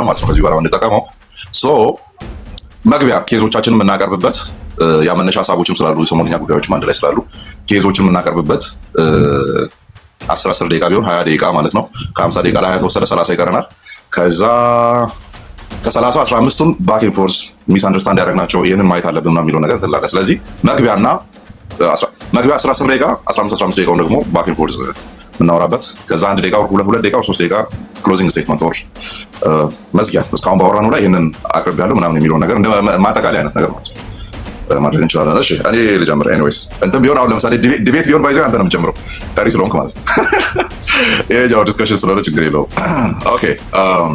ነው ማለት ነው። ከዚህ ጋር እንጠቀመው። ሶ መግቢያ ኬዞቻችን የምናቀርብበት ያመነሻ ሀሳቦችም ስላሉ ሰሞንኛ ጉዳዮችም አንድ ላይ ስላሉ ኬዞችን የምናቀርብበት አስር አስር ደቂቃ ቢሆን ሀያ ደቂቃ ማለት ነው። ከሀምሳ ደቂቃ ላይ ሀያ ተወሰደ ሰላሳ ይቀረናል። ከዛ ከሰላሳ አስራ አምስቱን ባክ ኢን ፎርስ ሚስ አንደርስታንድ ያደረግናቸው ይህንን ማየት አለብን የሚለው ነገር ትላለ። ስለዚህ መግቢያና መግቢያ አስራ አስር ደቂቃ አስራ አምስት አስራ አምስት ደቂቃውን ደግሞ ባክ ኢን ፎርስ የምናወራበት ከዛ አንድ ደቂቃ ሁለት ሁለት ደቂቃ ሶስት ደቂቃ ክሎዚንግ ስቴትመንት ወር መዝጊያ እስካሁን ባወራነው ላይ ይህንን አቅርብ ያለው ምናምን የሚለውን ነገር እንደ ማጠቃለያ አይነት ነገር ማለት ማድረግ እንችላለን። እሺ እኔ ልጀምር። ኤኒዌይስ እንትን ቢሆን አሁን ለምሳሌ ዲቤት ቢሆን ባይዘ አንተ ነው የምጀምረው ጠሪ ስለሆንክ ማለት ነው። ይሄኛው ዲስከሽን ስለሆነ ችግር የለው ኦኬ um,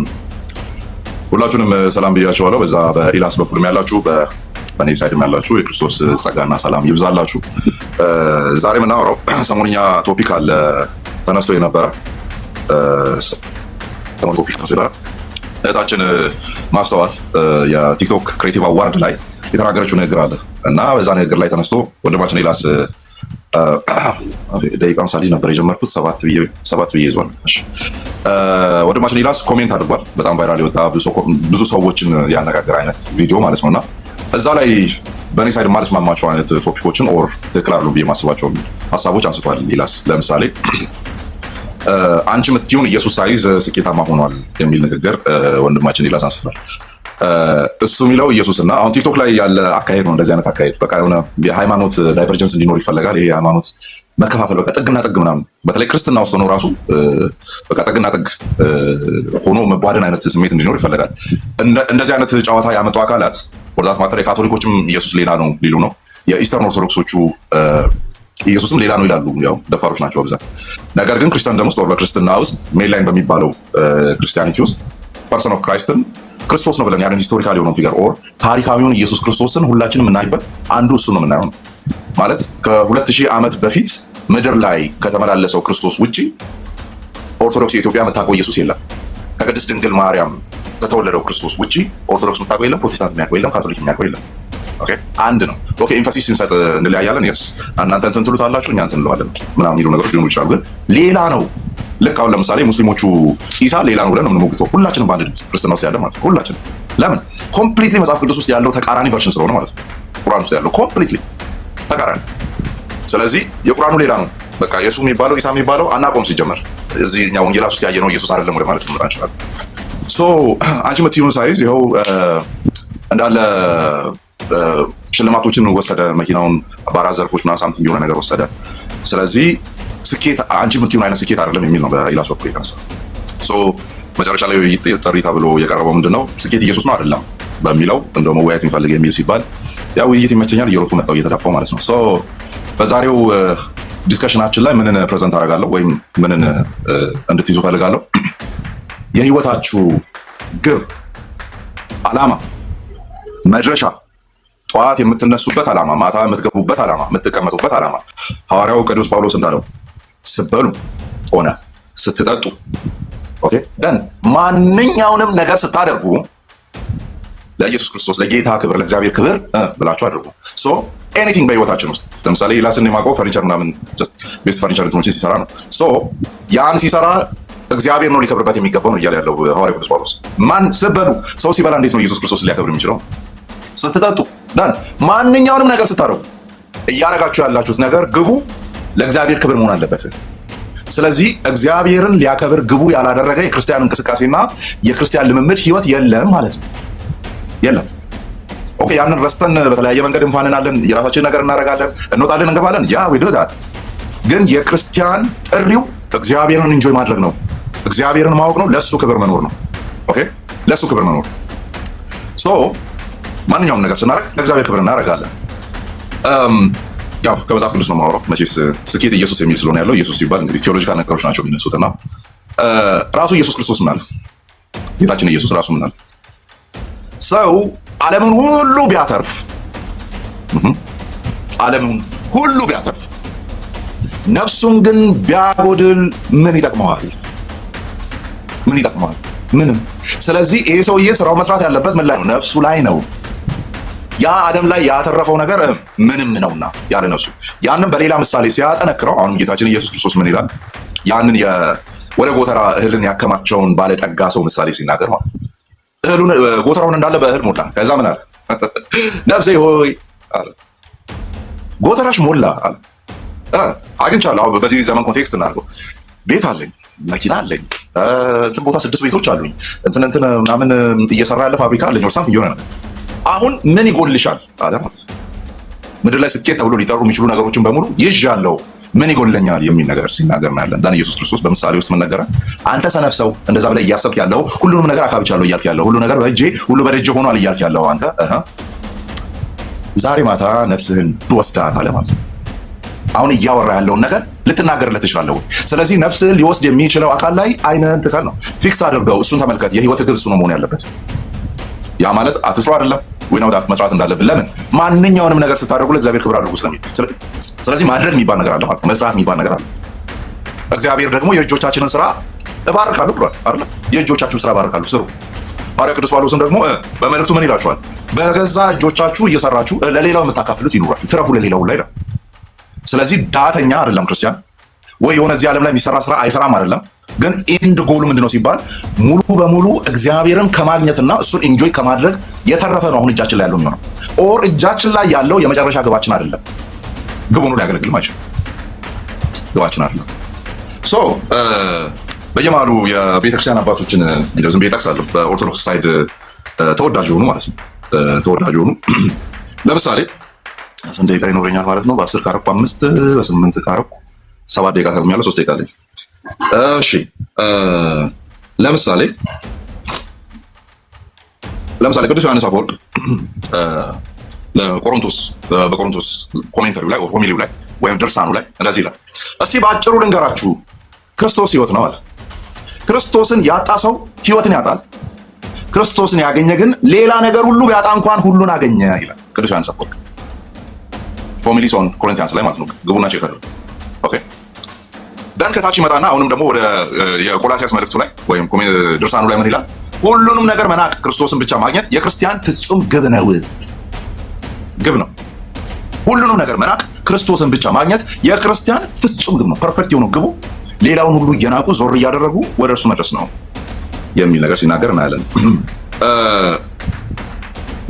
ሁላችሁንም ሰላም ብያችኋለሁ። በዛ በኢላስ በኩልም ያላችሁ በእኔ ሳይድም ያላችሁ የክርስቶስ ጸጋና ሰላም ይብዛላችሁ። ዛሬ የምናወራው ሰሞንኛ ቶፒክ አለ ተነስቶ የነበረ ተመርቶ ተነስቶ እህታችን ማስተዋል የቲክቶክ ክሬቲቭ አዋርድ ላይ የተናገረችው ንግግር አለ እና በዛ ንግግር ላይ ተነስቶ ወንድማችን ሌላስ ደቂቃውን ሳልይዝ ነበር የጀመርኩት። ሰባት ብዬ ይዟል። ወንድማችን ሌላስ ኮሜንት አድርጓል። በጣም ቫይራል የወጣ ብዙ ሰዎችን ያነጋገር አይነት ቪዲዮ ማለት ነው እና እዛ ላይ በእኔ ሳይድ ማለስማማቸው አይነት ቶፒኮችን ኦር ትክክል አሉ ብዬ ማስባቸውን ሀሳቦች አንስቷል ሌላስ ለምሳሌ አንቺ የምትሆን ኢየሱስ ሳይዝ ስኬታማ ሆኗል የሚል ንግግር ወንድማችን ሌላ አንስቷል። እሱ የሚለው እና አሁን ቲክቶክ ላይ ያለ አካሄድ ነው። እንደዚህ አይነት አካሄድ በቃ የሆነ የሃይማኖት ዳይቨርጀንስ እንዲኖር ይፈለጋል። ይሄ የሃይማኖት መከፋፈል በቃ ጥግና ጥግ ምናምን በተለይ ክርስትና ውስጥ ነው ራሱ በቃ ጥግና ጥግ ሆኖ መቧደን አይነት ስሜት እንዲኖር ይፈለጋል። እንደዚህ አይነት ጨዋታ ያመጡ አካላት ፎርዛት ማተር የካቶሊኮችም ኢየሱስ ሌላ ነው ሊሉ ነው የኢስተርን ኦርቶዶክሶቹ ኢየሱስም ሌላ ነው ይላሉ። ያው ደፋሮች ናቸው በብዛት። ነገር ግን ክርስቲያን ደግሞ ስለ በክርስትና ውስጥ ሜንላይን በሚባለው ክርስቲያኒቲ ውስጥ ፐርሰን ኦፍ ክራይስትን ክርስቶስ ነው ብለን ያንን ሂስቶሪካል የሆነው ፊገር ኦር ታሪካዊውን ኢየሱስ ክርስቶስን ሁላችንም የምናይበት አንዱ እሱ ነው የምናየው። ማለት ከሁለት ሺህ ዓመት በፊት ምድር ላይ ከተመላለሰው ክርስቶስ ውጪ ኦርቶዶክስ የኢትዮጵያ የምታውቀው ኢየሱስ የለም። ከቅድስት ድንግል ማርያም ከተወለደው ክርስቶስ ውጪ ኦርቶዶክስ የምታውቀው የለም። ፕሮቴስታንት የሚያውቀው የለም። ካቶሊክ የሚያውቀው የለም። አንድ ነው። ኦኬ ኢንፋሲስ ስንሰጥ እንለያያለን። የስ እናንተ እንትን ትሉታላችሁ እኛ እንትን እንለዋለን ምናምን የሚሉ ነገሮች ሊሆኑ ይችላሉ። ግን ሌላ ነው። ልክ አሁን ለምሳሌ ሙስሊሞቹ ኢሳ ሌላ ነው ብለን ነው የምንሞግተው ሁላችንም በአንድ ድምፅ ክርስትና ውስጥ ያለ ማለት ነው። ሁላችንም ለምን ኮምፕሊትሊ መጽሐፍ ቅዱስ ውስጥ ያለው ተቃራኒ ቨርሽን ስለሆነ ማለት ነው። ቁርአን ውስጥ ያለው ኮምፕሊትሊ ተቃራኒ። ስለዚህ የቁርአኑ ሌላ ነው። በቃ የሱ የሚባለው ኢሳ የሚባለው አናቆም ሲጀመር እዚህ እኛ ወንጌላ ውስጥ ያየነው ኢየሱስ አይደለም ወደ ማለት ልንመራ እንችላለን። ሶ አንቺ የምትይውን ሳይዝ ይኸው እንዳለ ሽልማቶችን ወሰደ። መኪናውን በአራት ዘርፎች ምናምን ሳምንት የሆነ ነገር ወሰደ። ስለዚህ ስኬት አንቺ የምትሆን አይነት ስኬት አይደለም የሚል ነው በኢላስ በኩል የተነሳ መጨረሻ ላይ ጥሪ ተብሎ የቀረበው ምንድን ነው ስኬት ኢየሱስ ነው አይደለም በሚለው እንደ መወያየት የሚፈልግ የሚል ሲባል ያ ውይይት ይመቸኛል እየሮጥኩ መጣው እየተዳፋው ማለት ነው። በዛሬው ዲስከሽናችን ላይ ምንን ፕሬዘንት አደርጋለሁ ወይም ምንን እንድትይዙ ፈልጋለሁ የህይወታችሁ ግብ፣ አላማ፣ መድረሻ ጠዋት የምትነሱበት ዓላማ፣ ማታ የምትገቡበት ዓላማ፣ የምትቀመጡበት ዓላማ ሐዋርያው ቅዱስ ጳውሎስ እንዳለው ስበሉ ሆነ ስትጠጡ፣ ኦኬ ደን ማንኛውንም ነገር ስታደርጉ ለኢየሱስ ክርስቶስ ለጌታ ክብር ለእግዚአብሔር ክብር ብላችሁ አድርጉ። ሶ ኤኒቲንግ በህይወታችን ውስጥ ለምሳሌ ላስን የማውቀው ፈርኒቸር ምናምን ቤስት ፈርኒቸር እንትኖችን ሲሰራ ነው። ሶ ያን ሲሰራ እግዚአብሔር ነው ሊከብርበት የሚገባው ነው እያለ ያለው ሐዋርያው ቅዱስ ጳውሎስ። ማን ስበሉ ሰው ሲበላ እንዴት ነው ኢየሱስ ክርስቶስ ሊያከብር የሚችለው? ስትጠጡ ማንኛውንም ነገር ስታደርጉ እያደረጋችሁ ያላችሁት ነገር ግቡ ለእግዚአብሔር ክብር መሆን አለበት። ስለዚህ እግዚአብሔርን ሊያከብር ግቡ ያላደረገ የክርስቲያን እንቅስቃሴና የክርስቲያን ልምምድ ህይወት የለም ማለት ነው። የለም። ኦኬ፣ ያንን ረስተን በተለያየ መንገድ እንፋንናለን፣ የራሳችን ነገር እናደርጋለን፣ እንወጣለን፣ እንገባለን። ያ ዊዶዳል ግን የክርስቲያን ጥሪው እግዚአብሔርን እንጆይ ማድረግ ነው። እግዚአብሔርን ማወቅ ነው። ለሱ ክብር መኖር ነው። ኦኬ፣ ለሱ ክብር መኖር ሶ ማንኛውም ነገር ስናደርግ ለእግዚአብሔር ክብር እናደርጋለን። ያው ከመጽሐፍ ቅዱስ ነው የማወራው። መቼስ ስኬት ኢየሱስ የሚል ስለሆነ ያለው ኢየሱስ ሲባል እንግዲህ ቴዎሎጂካል ነገሮች ናቸው የሚነሱት እና ራሱ ኢየሱስ ክርስቶስ ምናለ ጌታችን ኢየሱስ ራሱ ምናለ ሰው ዓለምን ሁሉ ቢያተርፍ ዓለምን ሁሉ ቢያተርፍ ነፍሱን ግን ቢያጎድል ምን ይጠቅመዋል? ምን ይጠቅመዋል? ምንም። ስለዚህ ይሄ ሰውዬ ስራው መስራት ያለበት ምን ላይ ነው? ነፍሱ ላይ ነው። ያ ዓለም ላይ ያተረፈው ነገር ምንም ነውና ያለ ነሱ ያንን በሌላ ምሳሌ ሲያጠነክረው አሁንም ጌታችን ኢየሱስ ክርስቶስ ምን ይላል? ያንን ወደ ጎተራ እህልን ያከማቸውን ባለጠጋ ሰው ምሳሌ ሲናገር ማለት እህሉን ጎተራውን እንዳለ በእህል ሞላ። ከዛ ምን አለ? ነፍሴ ሆይ ጎተራሽ ሞላ አለ። አግኝቻለሁ። በዚህ ዘመን ኮንቴክስት እናድርገው። ቤት አለኝ፣ መኪና አለኝ፣ እንትን ቦታ ስድስት ቤቶች አሉኝ፣ እንትን እንትን ምናምን እየሰራ ያለ ፋብሪካ አለኝ፣ ወርሳንት እየሆነ ነገር አሁን ምን ይጎልሻል አለማት። ምድር ላይ ስኬት ተብሎ ሊጠሩ የሚችሉ ነገሮችን በሙሉ ይዣለሁ፣ ምን ይጎለኛል የሚል ነገር ሲናገር ያለን ዳን ኢየሱስ ክርስቶስ በምሳሌ ውስጥ ምን ነገረ? አንተ ሰነፍ ሰው እንደዛ ብለህ እያሰብክ ያለው ሁሉንም ነገር አካብቻለሁ እያልክ ያለው ሁሉ ነገር በእጄ ሁሉ በደጄ ሆኗል እያልክ ያለው አንተ ዛሬ ማታ ነፍስህን ትወስዳት አለማት አሁን እያወራ ያለውን ነገር ልትናገርለት ትችላለህ። ስለዚህ ነፍስህን ሊወስድ የሚችለው አካል ላይ አይነን ትከል ነው ፊክስ አድርገው፣ እሱን ተመልከት። የህይወት ግብ እሱ ነው መሆን ያለበት። ያ ማለት አትስሮ አይደለም ወይ ነው ዳት መስራት እንዳለብን ለምን ማንኛውንም ነገር ስታደርጉ ለእግዚአብሔር ክብር አድርጉ ስለሚል ስለዚህ ማድረግ የሚባል ነገር አለ ማለት ነው። መስራት የሚባል ነገር አለ። እግዚአብሔር ደግሞ የእጆቻችንን ስራ እባርካሉ ብሏል አይደል? የእጆቻችሁን ስራ እባርካለሁ ስሩ። ሐዋርያ ቅዱስ ጳውሎስም ደግሞ በመልእክቱ ምን ይላችኋል? በገዛ እጆቻችሁ እየሰራችሁ ለሌላው የምታካፍሉት ይኑራችሁ፣ ትረፉ ለሌላው ላይ። ስለዚህ ዳተኛ አይደለም ክርስቲያን ወይ የሆነ እዚህ ዓለም ላይ የሚሰራ ስራ አይሰራም አይደለም ግን ኢንድ ጎሉ ምንድን ነው ሲባል ሙሉ በሙሉ እግዚአብሔርን ከማግኘትና እሱን ኢንጆይ ከማድረግ የተረፈ ነው አሁን እጃችን ላይ ያለው የሚሆነው። ኦር እጃችን ላይ ያለው የመጨረሻ ግባችን አይደለም፣ ግብ ሆኖ ማለት ነው። ግባችን አይደለም። ሶ በየመሃሉ የቤተክርስቲያን አባቶችን እንደው ዝም ብዬ እጠቅሳለሁ፣ በኦርቶዶክስ ሳይድ ተወዳጅ የሆኑ ማለት ነው። ተወዳጅ የሆኑ ለምሳሌ ስንት ደቂቃ ይኖረኛል ማለት ነው? በአስር ካረኩ አምስት በስምንት ካረኩ ሰባት ደቂቃ ከሚያለ ሶስት ደቂቃ ላይ እሺ ለምሳሌ ለምሳሌ ቅዱስ ዮሐንስ አፈወርቅ ለቆሮንቶስ በቆሮንቶስ ኮሜንተሪው ላይ ሆሚሊው ላይ ወይም ድርሳኑ ላይ እንደዚህ ይላል። እስቲ በአጭሩ ልንገራችሁ፣ ክርስቶስ ህይወት ነው አለ። ክርስቶስን ያጣ ሰው ህይወትን ያጣል። ክርስቶስን ያገኘ ግን ሌላ ነገር ሁሉ ቢያጣ እንኳን ሁሉን አገኘ ይላል ቅዱስ ዮሐንስ አፈወርቅ ሆሚሊ ኦን ኮሪንቲያንስ ላይ ማለት ነው። ግቡና ቼክ አድርጉ። ኦኬ ደን ከታች ይመጣና አሁንም ደግሞ ወደ የቆላሲያስ መልእክቱ ላይ ወይም ድርሳኑ ላይ ምን ይላል? ሁሉንም ነገር መናቅ ክርስቶስን ብቻ ማግኘት የክርስቲያን ፍጹም ግብ ነው። ግብ ነው። ሁሉንም ነገር መናቅ ክርስቶስን ብቻ ማግኘት የክርስቲያን ፍጹም ግብ ነው። ፐርፌክት የሆነው ግቡ ሌላውን ሁሉ እየናቁ ዞር እያደረጉ ወደ እርሱ መድረስ ነው የሚል ነገር ሲናገር እናያለን።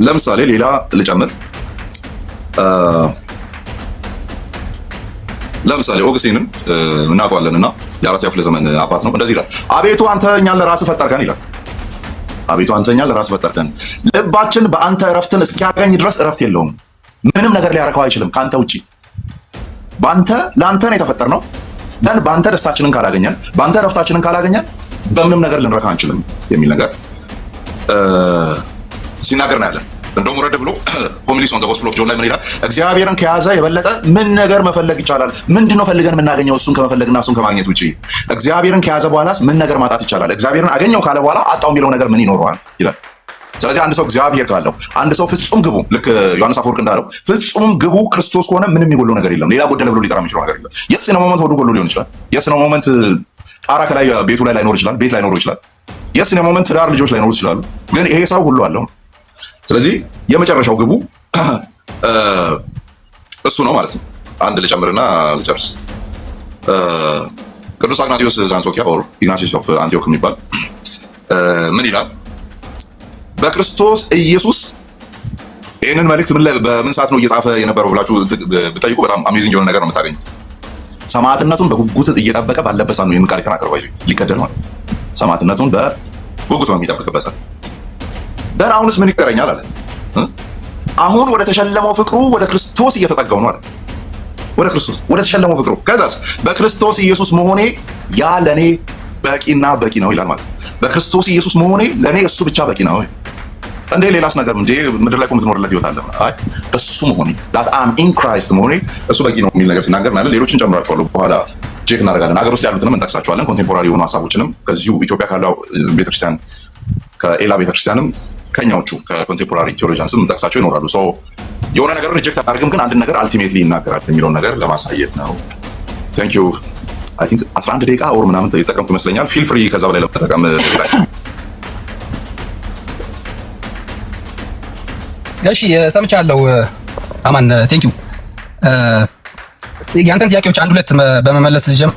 ለምሳሌ ሌላ ልጨምር። ለምሳሌ ኦግስቲንም እና የአራት ክፍለ ዘመን አባት ነው። እንደዚህ ይላል፣ አቤቱ አንተ እኛን ለራስህ ፈጠርከን ይላል። አቤቱ አንተ እኛን ለራስህ ፈጠርከን። ልባችን በአንተ እረፍትን እስኪያገኝ ድረስ እረፍት የለውም። ምንም ነገር ሊያረካው አይችልም ከአንተ ውጪ። በአንተ ለአንተ ነው የተፈጠርነው። ደን በአንተ ደስታችንን ካላገኘን፣ በአንተ እረፍታችንን ካላገኘን በምንም ነገር ልንረካ አንችልም የሚል ነገር ሲናገር ነው ያለን። እንደውም ወረድ ብሎ ሆሚሊስ ኦን ጎስፕል ኦፍ ጆን ላይ ምን ይላል? እግዚአብሔርን ከያዘ የበለጠ ምን ነገር መፈለግ ይቻላል? ምንድነው ፈልገን የምናገኘው? እሱን ከመፈለግና እሱን ከማግኘት ውጪ እግዚአብሔርን ከያዘ በኋላስ ምን ነገር ማጣት ይቻላል? እግዚአብሔርን አገኘው ካለ በኋላ አጣው የሚለው ነገር ምን ይኖረዋል ይላል። ስለዚህ አንድ ሰው እግዚአብሔር ካለው አንድ ሰው ፍጹም ግቡ ልክ ዮሐንስ አፈወርቅ እንዳለው ፍጹም ግቡ ክርስቶስ ከሆነ ምንም የሚጎለው ነገር የለም፣ ሌላ ጎደለ ብሎ ሊጠራ የሚችለው ነገር የለም። የስ ነው ሞመንት ሆዱ ጎሎ ሊሆን ይችላል። የስ ነው ሞመንት ጣራ ከላይ ቤቱ ላይ ላይኖር ይችላል፣ ቤት ላይኖር ይችላል። የስ ነው ሞመንት ዳር ልጆች ላይኖር ይችላሉ። ግን ይሄ ሰው ሁሉ አለው ስለዚህ የመጨረሻው ግቡ እሱ ነው ማለት ነው። አንድ ልጨምርና ልጨርስ። ቅዱስ አግናቲዮስ ዘአንጾኪያ ኦር ኢግናቲዮስ ኦፍ አንቲዮክ የሚባል ምን ይላል? በክርስቶስ ኢየሱስ ይህንን መልእክት በምን ሰዓት ነው እየጻፈ የነበረው ብላችሁ ብጠይቁ በጣም አሜዚንግ የሆነ ነገር ነው የምታገኙት። ሰማዕትነቱን በጉጉት እየጠበቀ ባለበት ሰዓት ነው ይህን ቃል የተናገረው። ሊገደል ማለት ሰማዕትነቱን በጉጉት ነው የሚጠብቅበት ደር አሁንስ ምን ይቀረኛል አለ። አሁን ወደ ተሸለመው ፍቅሩ ወደ ክርስቶስ እየተጠጋው ነው አለ። ወደ ክርስቶስ ወደ ተሸለመው ፍቅሩ ከዛስ በክርስቶስ ኢየሱስ መሆኔ ያ ለኔ በቂና በቂ ነው ይላል ማለት ነው። በክርስቶስ ኢየሱስ መሆኔ ለኔ እሱ ብቻ በቂ ነው። እንዴ ሌላስ ነገር እንዴ ምድር ላይ እኮ የምትኖርለት ህይወት አለ። አይ እሱ መሆኔ ዳት አም ኢን ክራይስት መሆኔ እሱ በቂ ነው የሚል ነገር ሲናገር ማለት ሌሎችን ጨምራቸዋለሁ በኋላ ቼክ እናደርጋለን። ሀገር ውስጥ ያሉትንም እንጠቅሳቸዋለን። ኮንቴምፖራሪ የሆኑ ሀሳቦችንም ከዚሁ ኢትዮጵያ ካለው ቤተክርስቲያን ከኤላ ቤተክርስቲያንም ከኛዎቹ ከኮንቴምፖራሪ ቴዎሎጂያንስ የምንጠቅሳቸው ይኖራሉ። ሰው የሆነ ነገር ሪጀክት አያደርግም፣ ግን አንድን ነገር አልቲሜትሊ ይናገራል የሚለውን ነገር ለማሳየት ነው። ቴንክ ዩ አይ ቲንክ 11 ደቂቃ ወር ምናምን የተጠቀምኩ ይመስለኛል። ፊል ፍሪ ከዛ በላይ ለመጠቀም uh, እሺ ሰምቻለሁ። uh, አማን ቴንክ uh, ዩ። ጥያቄዎች አንድ ሁለት በመመለስ ልጀምር።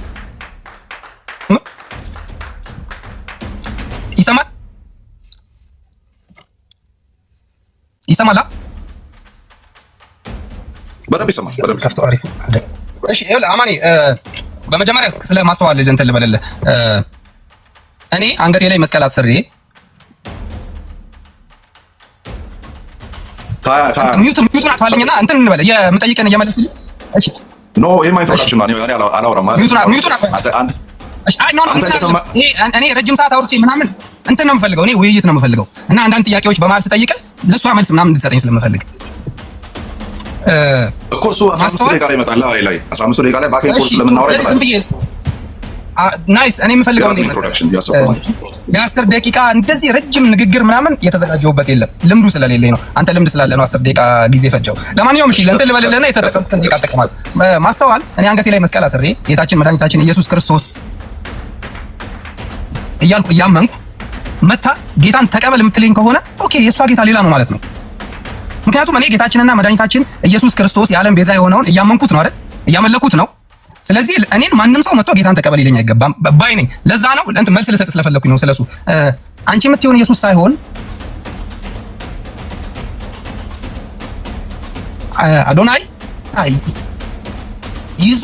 ይሰማላ በደንብ ይሰማል። በደንብ አሪፍ። እሺ ይኸውልህ አማኔ በመጀመሪያ ስለ ማስተዋል ልጅ እንትን ልበልልህ። እኔ አንገቴ ላይ መስቀል አስሬ እንትን እንበልህ የምጠይቀን ነው። ረጅም ሰዓት አውርቼ ምናምን እንትን ነው የምፈልገው። እኔ ውይይት ነው የምፈልገው እና አንዳንድ ጥያቄዎች በመሀል ስጠይቅህ ለእሷ መልስ ምናምን እንድትሰጠኝ ስለምፈልግ እኮ እሱ አስራ አምስት ደቂቃ ላይ ይመጣል። አይ ላይ አስራ አምስት ደቂቃ ላይ ባክ ፎርስ ስለምናወራ ይመጣል። ናይስ። እኔ የምፈልገው የአስር ደቂቃ እንደዚህ ረጅም ንግግር ምናምን የተዘጋጀሁበት የለም፣ ልምዱ ስለሌለኝ ነው። አንተ ልምድ ስላለ ነው አስር ደቂቃ ጊዜ ፈጀው። ለማንኛውም እሺ፣ ለእንትን ልበልልህና የተጠቀምኩትን ደቂቃ እጠቀማለሁ። ማስተዋል፣ እኔ አንገቴ ላይ መስቀል አስሬ ጌታችን መድኃኒታችን ኢየሱስ ክርስቶስ እያልኩ እያመንኩ መታ ጌታን ተቀበል የምትለኝ ከሆነ ኦኬ፣ የእሷ ጌታ ሌላ ነው ማለት ነው። ምክንያቱም እኔ ጌታችንና መድኃኒታችን ኢየሱስ ክርስቶስ የዓለም ቤዛ የሆነውን እያመንኩት ነው አይደል? እያመለኩት ነው። ስለዚህ እኔን ማንም ሰው መጥቶ ጌታን ተቀበል ይለኝ አይገባም ባይ ነኝ። ለዛ ነው እንትን መልስ ልሰጥ ስለፈለኩኝ ነው ስለሱ። አንቺ የምትሆን ኢየሱስ ሳይሆን አዶናይ ይዞ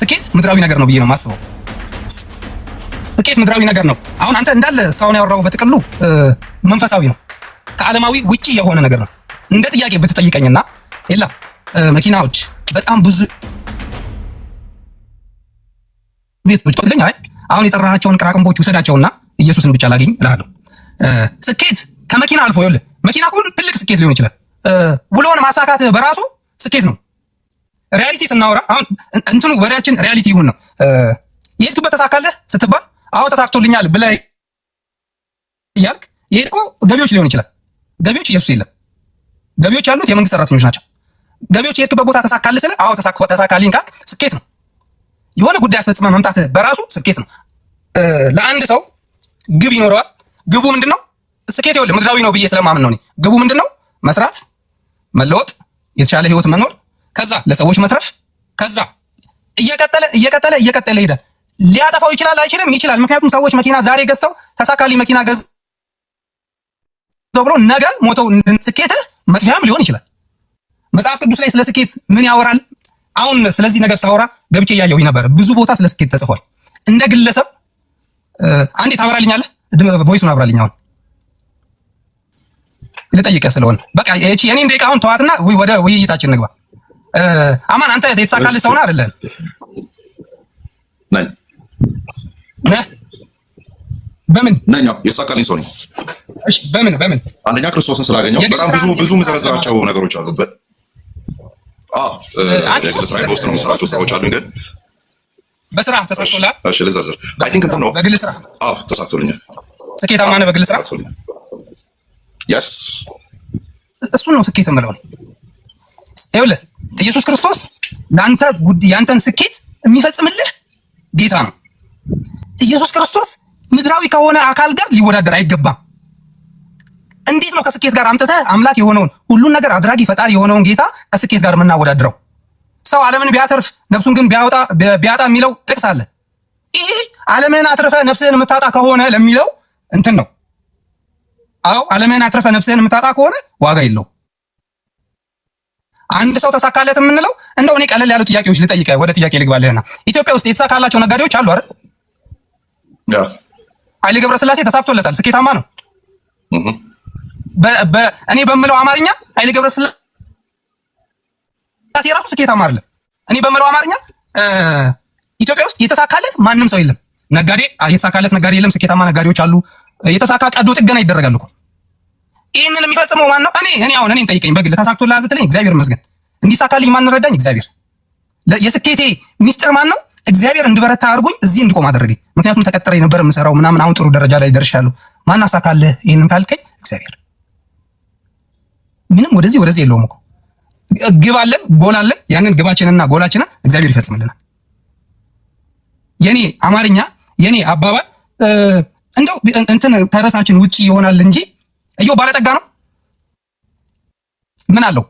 ስኬት ምድራዊ ነገር ነው ብዬ ነው የማስበው። ስኬት ምድራዊ ነገር ነው። አሁን አንተ እንዳለ እስካሁን ያወራው በጥቅሉ መንፈሳዊ ነው፣ ከዓለማዊ ውጪ የሆነ ነገር ነው። እንደ ጥያቄ ብትጠይቀኝና ይላ መኪናዎች በጣም ብዙ ቤቶች ልኝ አይ አሁን የጠራሃቸውን ቅራቅንቦች ውሰዳቸውና ኢየሱስን ብቻ ላገኝ እልሃለሁ። ስኬት ከመኪና አልፎ ይል መኪና ሁሉ ትልቅ ስኬት ሊሆን ይችላል። ውሎን ማሳካት በራሱ ስኬት ነው። ሪያሊቲ ስናወራ አሁን እንትኑ ወሬያችን ሪያሊቲ ይሁን ነው። የሄድክበት ተሳካለህ ስትባል አዎ ተሳክቶልኛል ብለህ እያልክ ይሄ እኮ ገቢዎች ሊሆን ይችላል። ገቢዎች ኢየሱስ የለም። ገቢዎች ያሉት የመንግስት ሰራተኞች ናቸው። ገቢዎች የሄድክበት ቦታ ተሳካልህ ስለ አዎ ተሳካልኝ ካልክ ስኬት ነው። የሆነ ጉዳይ አስፈጽመ መምጣት በራሱ ስኬት ነው። ለአንድ ሰው ግብ ይኖረዋል። ግቡ ምንድን ነው? ስኬት ይኸውልህ ምድራዊ ነው ብዬ ስለማምን ነው። ግቡ ምንድን ነው? መስራት፣ መለወጥ፣ የተሻለ ህይወት መኖር፣ ከዛ ለሰዎች መትረፍ፣ ከዛ እየቀጠለ እየቀጠለ እየቀጠለ ይሄዳል። ሊያጠፋው ይችላል አይችልም? ይችላል። ምክንያቱም ሰዎች መኪና ዛሬ ገዝተው ተሳካሊ መኪና ገዝተው ብሎ ነገ ሞተው ስኬትህ መጥፊያም ሊሆን ይችላል። መጽሐፍ ቅዱስ ላይ ስለ ስኬት ምን ያወራል? አሁን ስለዚህ ነገር ሳወራ ገብቼ እያየሁኝ ነበር። ብዙ ቦታ ስለ ስኬት ተጽፏል። እንደ ግለሰብ አንዴ ታበራልኛለህ? ቮይሱን አብራልኝ። አሁን ልጠይቅህ ስለሆነ በቃ እቺ የኔ እንደ አሁን ተዋትና ወደ ውይይታችን ንግባ። አማን አንተ የተሳካልህ ሰውና አይደለም? በምን ነኛው የሳካልኝ ሰው ነኝ። እሺ በምን በምን አንደኛ ክርስቶስን ስላገኘው በጣም ብዙ ብዙ የምዘረዝራቸው ነገሮች አሉበት። እስራኤል ውስጥ ነው የምሰራቸው ስራዎች አሉኝ ግን በስራ ተሳክቶልሃል? እሺ ልዘርዝር። አይ ቲንክ እንትን ነው በግል ስራ። አዎ ተሳክቶልኛል። ስኬታማ ነህ በግል ስራ? የስ እሱን ነው ስኬት የምለው። ይኸውልህ ኢየሱስ ክርስቶስ ለአንተ ያንተን ስኬት የሚፈጽምልህ ጌታ ነው። ኢየሱስ ክርስቶስ ምድራዊ ከሆነ አካል ጋር ሊወዳደር አይገባም። እንዴት ነው ከስኬት ጋር አምጥተህ አምላክ የሆነውን ሁሉን ነገር አድራጊ ፈጣሪ የሆነውን ጌታ ከስኬት ጋር የምናወዳድረው? ሰው ዓለምን ቢያተርፍ ነፍሱን ግን ቢያወጣ ቢያጣ የሚለው ጥቅስ አለ። ይሄ ዓለምን አትርፈ ነፍስህን የምታጣ ከሆነ ለሚለው እንትን ነው። አዎ ዓለምን አትርፈ ነፍስህን የምታጣ ከሆነ ዋጋ የለው። አንድ ሰው ተሳካለት የምንለው እንደው እኔ ቀለል ያሉ ጥያቄዎች ልጠይቀህ፣ ወደ ጥያቄ ልግባልህና ኢትዮጵያ ውስጥ የተሳካላቸው ነጋዴዎች አሉ አይደል? ኃይሌ ገብረስላሴ ተሳብቶለታል፣ ስኬታማ ነው። እኔ በምለው አማርኛ ኃይሌ ገብረስላሴ ራሱ ስኬታማ አይደለም። እኔ በምለው አማርኛ ኢትዮጵያ ውስጥ የተሳካለት ማንም ሰው የለም። ነጋዴ የተሳካለት ነጋዴ የለም። ስኬታማ ነጋዴዎች አሉ። የተሳካ ቀዶ ጥገና ይደረጋል እኮ። ይህንን የሚፈጽመው ማን ነው? እኔ እኔ አሁን እኔን ጠይቀኝ በግል ተሳክቶልሃል ብትለኝ እግዚአብሔር ይመስገን፣ እንዲሳካልኝ ማን ረዳኝ? እግዚአብሔር። የስኬቴ ሚስጥር ማን ነው? እግዚአብሔር እንድበረታ አድርጎኝ እዚህ እንድቆም አደረገኝ። ምክንያቱም ተቀጥሬ ነበር የምሰራው ምናምን፣ አሁን ጥሩ ደረጃ ላይ ደርሻለሁ። ማን አሳካልህ ይህንን ካልከኝ እግዚአብሔር። ምንም ወደዚህ ወደዚህ የለውም እኮ ግብ አለን ጎል አለን። ያንን ግባችንና ጎላችንን እግዚአብሔር ይፈጽምልናል። የኔ አማርኛ የኔ አባባል እንደው እንትን ተረሳችን ውጪ ይሆናል እንጂ እዮ ባለጠጋ ነው ምን አለው?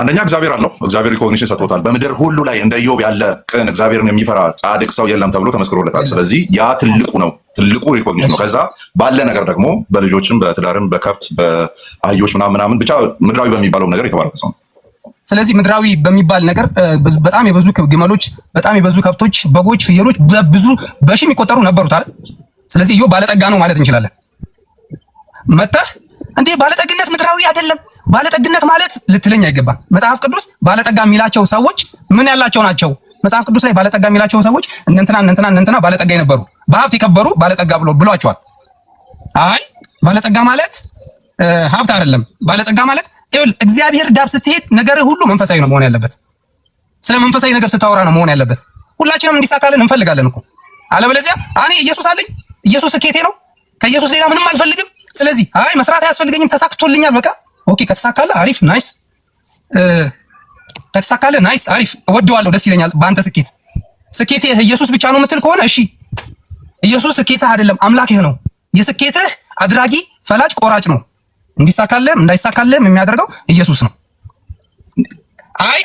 አንደኛ እግዚአብሔር አለው። እግዚአብሔር ሪኮግኒሽን ሰጥቶታል። በምድር ሁሉ ላይ እንደ ኢዮብ ያለ ቅን እግዚአብሔርን የሚፈራ ጻድቅ ሰው የለም ተብሎ ተመስክሮለታል። ስለዚህ ያ ትልቁ ነው፣ ትልቁ ሪኮግኒሽን ነው። ከዛ ባለ ነገር ደግሞ በልጆችም በትዳርም በከብት በአህዮች ምናምን ምናምን ብቻ ምድራዊ በሚባለው ነገር የተባረከ ሰው ነው። ስለዚህ ምድራዊ በሚባል ነገር በጣም የበዙ ግመሎች፣ በጣም የበዙ ከብቶች፣ በጎች፣ ፍየሎች በብዙ በሺ የሚቆጠሩ ነበሩት አይደል? ስለዚህ ኢዮብ ባለጠጋ ነው ማለት እንችላለን። መጣ እንዴ ባለጠግነት ምድራዊ አይደለም ባለጠግነት ማለት ልትለኝ አይገባ። መጽሐፍ ቅዱስ ባለጠጋ የሚላቸው ሰዎች ምን ያላቸው ናቸው? መጽሐፍ ቅዱስ ላይ ባለጠጋ የሚላቸው ሰዎች እንትና እንትና እንትና ባለጠጋ የነበሩ በሀብት የከበሩ ባለጠጋ ብሎ ብሏቸዋል። አይ ባለጠጋ ማለት ሀብት አይደለም። ባለጸጋ ማለት ይኸውልህ እግዚአብሔር ጋር ስትሄድ ነገር ሁሉ መንፈሳዊ ነው መሆን ያለበት። ስለ መንፈሳዊ ነገር ስታወራ ነው መሆን ያለበት። ሁላችንም እንዲሳካልን እንፈልጋለን እኮ አለበለዚያ እኔ ኢየሱስ አለኝ፣ ኢየሱስ ስኬቴ ነው፣ ከኢየሱስ ሌላ ምንም አልፈልግም። ስለዚህ አይ መስራት አያስፈልገኝም፣ ተሳክቶልኛል፣ በቃ ኦኬ ከተሳካለ አሪፍ ናይስ፣ ከተሳካለ ናይስ አሪፍ፣ እወደዋለሁ፣ ደስ ይለኛል በአንተ ስኬት። ስኬት ኢየሱስ ብቻ ነው የምትል ከሆነ እሺ፣ ኢየሱስ ስኬትህ አይደለም አምላክህ ነው። የስኬትህ አድራጊ ፈላጭ ቆራጭ ነው። እንዲሳካለም እንዳይሳካለም የሚያደርገው ኢየሱስ ነው። አይ